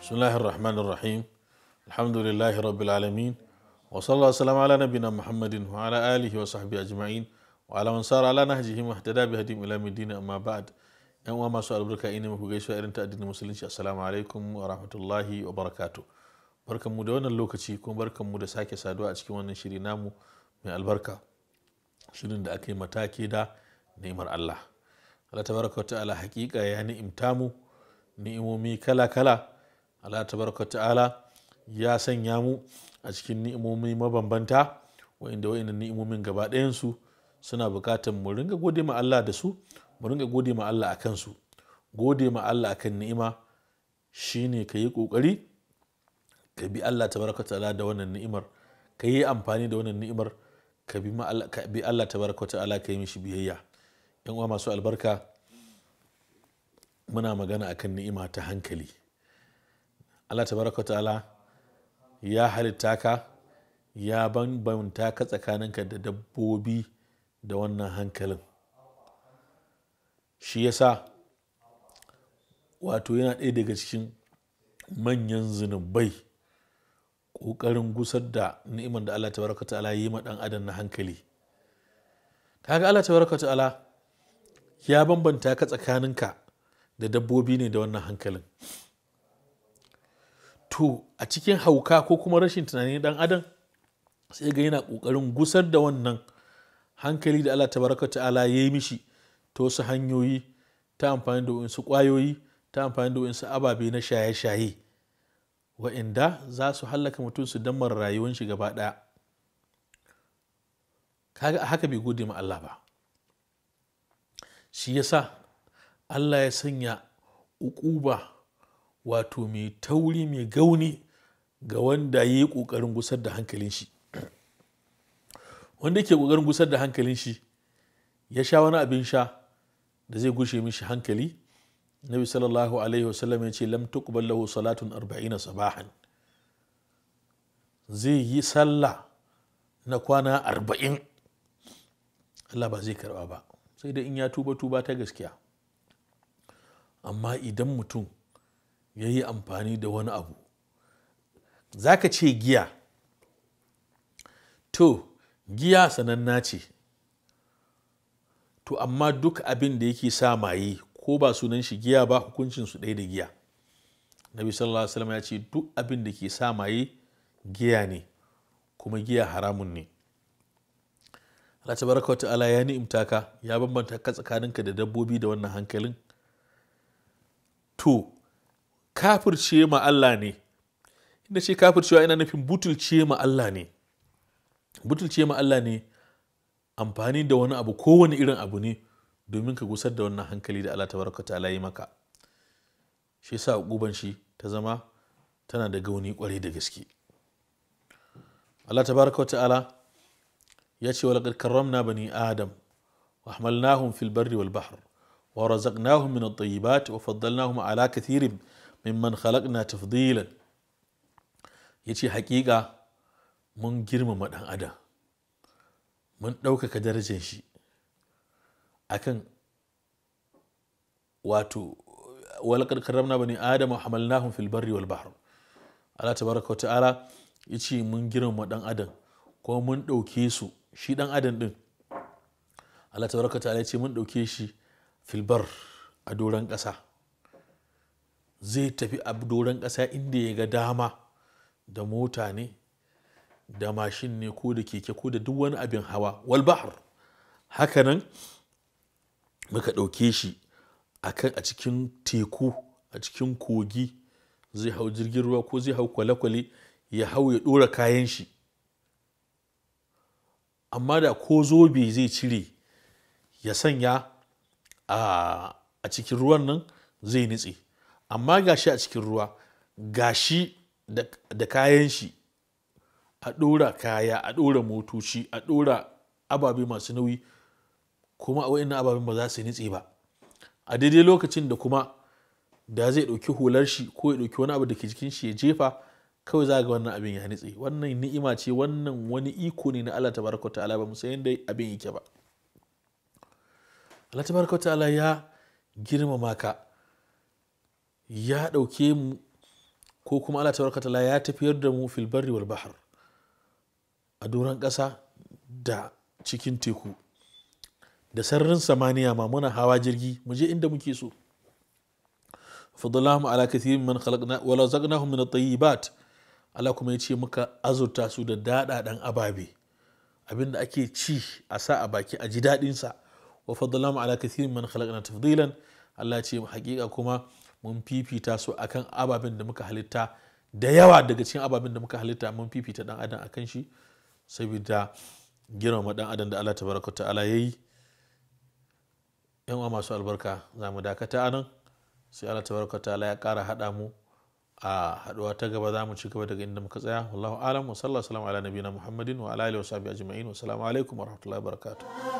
بسم الله الرحمن الرحيم الحمد لله رب العالمين وصلى الله وسلم على نبينا محمد وعلى آله وصحبه أجمعين وعلى من سار على نهجه واهتدى بهديهم إلى مدينة أما بعد ‘yan uwa masu albarka ina muku gaisuwa irin ta musulunci assalamu alaikum wa rahmatullahi wa barakatu mu da wannan lokaci kuma mu da sake saduwa a cikin wannan shiri namu mai albarka shirin da aka yi matake da ni'imar Allah Allah tabaraka wa ta'ala hakika ya ni'imta mu ni'imomi kala kala Allah baraka ta'ala ya sanya mu a cikin ni'imomi mabambanta wa'inda wa'innan ni'imomin gaba ɗayansu suna buƙatar mu ringa gode ma Allah da su mu ringa gode ma Allah akan su gode ma Allah akan ni'ima shine ka yi ƙoƙari ka bi Allah ta baraka ta'ala da wannan ni'imar ka yi amfani da wannan ni'imar ka bi Allah ta baraka ta'ala ka yi mishi biyayya yan uwa masu albarka muna magana akan ni'ima ta hankali allah tabaraka ta'ala ya halitta ka ya banbanta ka tsakaninka da dabbobi da wannan hankalin shi yasa wato yana ɗaya daga cikin manyan zunubai ƙoƙarin gusar da ni'imar da allah tabaraka ta'ala ya yi ma ɗan adam na hankali kaga allah tabaraka ta'ala ya bambanta ka tsakaninka da dabbobi ne da wannan hankalin to a cikin hauka ko kuma rashin tunanin dan adam sai ga yana ƙoƙarin gusar da wannan hankali da Allah tabaraka ta'ala ya yi mishi ta wasu hanyoyi ta amfani da wasu ƙwayoyi ta amfani da wasu ababe na shaye-shaye wa'inda za su hallaka mutum su damar rayuwar shi gaba ɗaya kaga a haka bai gode ma Allah ba shi yasa Allah ya sanya uƙuba wato mai tauri mai gauni ga wanda ya yi ƙoƙarin gusar da hankalin shi wanda ke ƙoƙarin gusar da hankalin shi ya sha wani abin sha da zai gushe mishi hankali nabi sallallahu alaihi wasallam ya ce lam tuqbal lahu salatun arba'ina sabahan zai yi sallah na kwana arba'in Allah ba zai karba ba sai da in ya tuba tuba ta gaskiya amma idan mutum ya yi amfani da wani abu za ka ce giya to giya sananna ce to amma duk abin da yake sa maye ko ba sunan shi giya ba hukuncinsu su ɗaya da giya nabi sallallahu alaihi wasallam ya ce duk abin da ke sa maye giya ne kuma giya haramun ne Allah tabaraka wa ta'ala ya ni'imta ka ya bambanta ka tsakaninka da dabbobi da wannan hankalin to kafirce ma Allah ne inda ce kafircewa ina nufin butulce ma Allah ne butulce ma Allah ne amfani da wani abu kowane irin abu ne domin ka gusar da wannan hankali da Allah tabaraka ta'ala yi maka shi yasa uquban shi ta zama tana da gauni kwarai da gaske Allah tabaraka ta'ala ya ce walaqad karramna bani adam wa hamalnahum fil barri wal bahr ورزقناهم من الطيبات وفضلناهم على كثير mimman khalaqna tafdilan yace haƙiƙa mun girmama ɗan adam mun ɗaukaka darajar shi akan wato walakar karamna bani adam wa hamalnahum fil barri wal bahr Allah tabaraka wa ta'ala yace mun girmama dan adam ko mun dauke su shi dan adam din Allah tabaraka wa ta'ala yace mun dauke shi fil bar a doran kasa zai tafi a doron ƙasa inda ya ga dama da mota ne da mashin ne ko da keke ko da duk wani abin hawa wal bahar hakanan muka ɗauke shi akan a cikin teku a cikin kogi zai hau jirgin ruwa ko zai hau kwale-kwale ya hau ya ɗora kayan shi amma da ko zobe zai cire ya sanya a cikin ruwan nan zai nitse amma gashi a cikin ruwa gashi da kayan shi a ɗora kaya a ɗora motoci a ɗora ababe masu nauyi kuma a wa'in ababen ba za su nitse ba a daidai lokacin da kuma da zai ɗauki hular shi ko ya ɗauki wani abu da ke jikin shi ya jefa kawai za ga wannan abin ya nitse wannan ni'ima ce wannan wani iko ne na Allah tabaraka ta'ala ba musayin da abin yake ba Allah tabaraka ta'ala ya girmama ka ya ɗauke mu ko kuma Allah ya tafiyar da mu fil wal bahar a doron ƙasa da cikin teku da sararin samaniya ma muna hawa jirgi mu je inda muke so fadlahum ala kathirin man khalaqna wa razaqnahum min at-tayyibat Allah kuma ya ce muka azurta su da daɗaɗan ababe abinda ake ci a sa a baki a ji daɗinsa wa fadlahum ala kathirin man khalaqna tafdilan Allah ce hakika kuma mun fifita su akan ababen da muka halitta da yawa daga cikin ababen da muka halitta mun fifita dan adam akan shi saboda girmama dan adam da Allah tabaraka ta'ala yayi yan masu albarka za mu dakata anan sai Allah tabaraka ta'ala ya kara hada mu a haduwa ta gaba za mu ci gaba daga inda muka tsaya wallahu alam wa sallallahu alaihi wa sallam ala nabiyina muhammadin wa ala alihi wa sahbihi ajma'in wa assalamu alaikum wa rahmatullahi wa